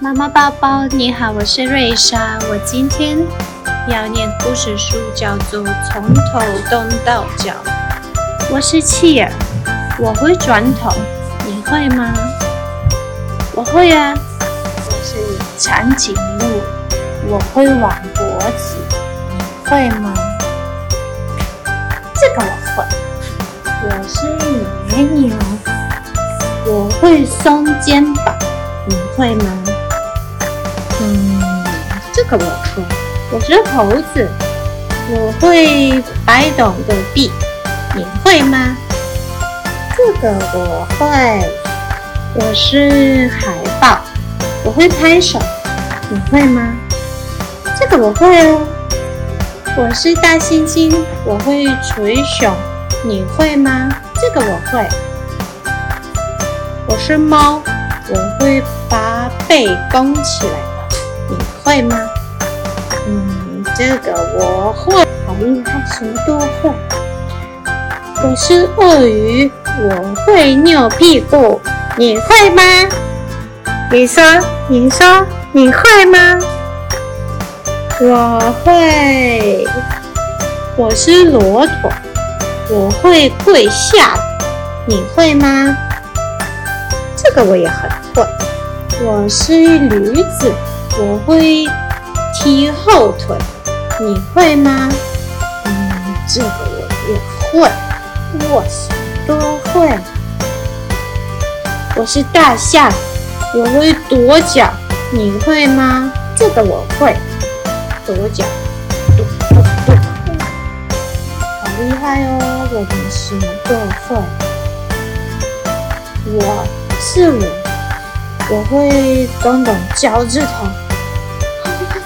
媽媽抱抱，你好，我是瑞莎。我今天要念故事書，叫做《從頭動到腳》。我是企鵝，我會轉頭，你會嗎？我會啊。我是長頸鹿，我會彎脖子，你會嗎？這個我會。我是奶牛，我會鬆肩膀，你會嗎？我我是猴子，我會擺動手臂，你會嗎？這個我會。我是海豹，我會拍手，你會嗎？這個我會哦、啊。我是大猩猩，我會捶胸，你會嗎？這個我會。我是貓，我會把背弓起來，你會嗎？嗯，這個我會，好厲害，什麼都會。我是鱷魚，我會扭屁股，你會嗎？你說，你說，你會嗎？我會。我是駱駝，我會跪下，你會嗎？這個我也很會。我是驢子，我會。踢後腿，你會嗎？嗯，這個我也會。哇塞，都會！我是大象，我會跺腳，你會嗎？這個我會，跺腳，跺跺跺。好厲害哦，我的同事都會。我是五，我會動動，腳趾頭。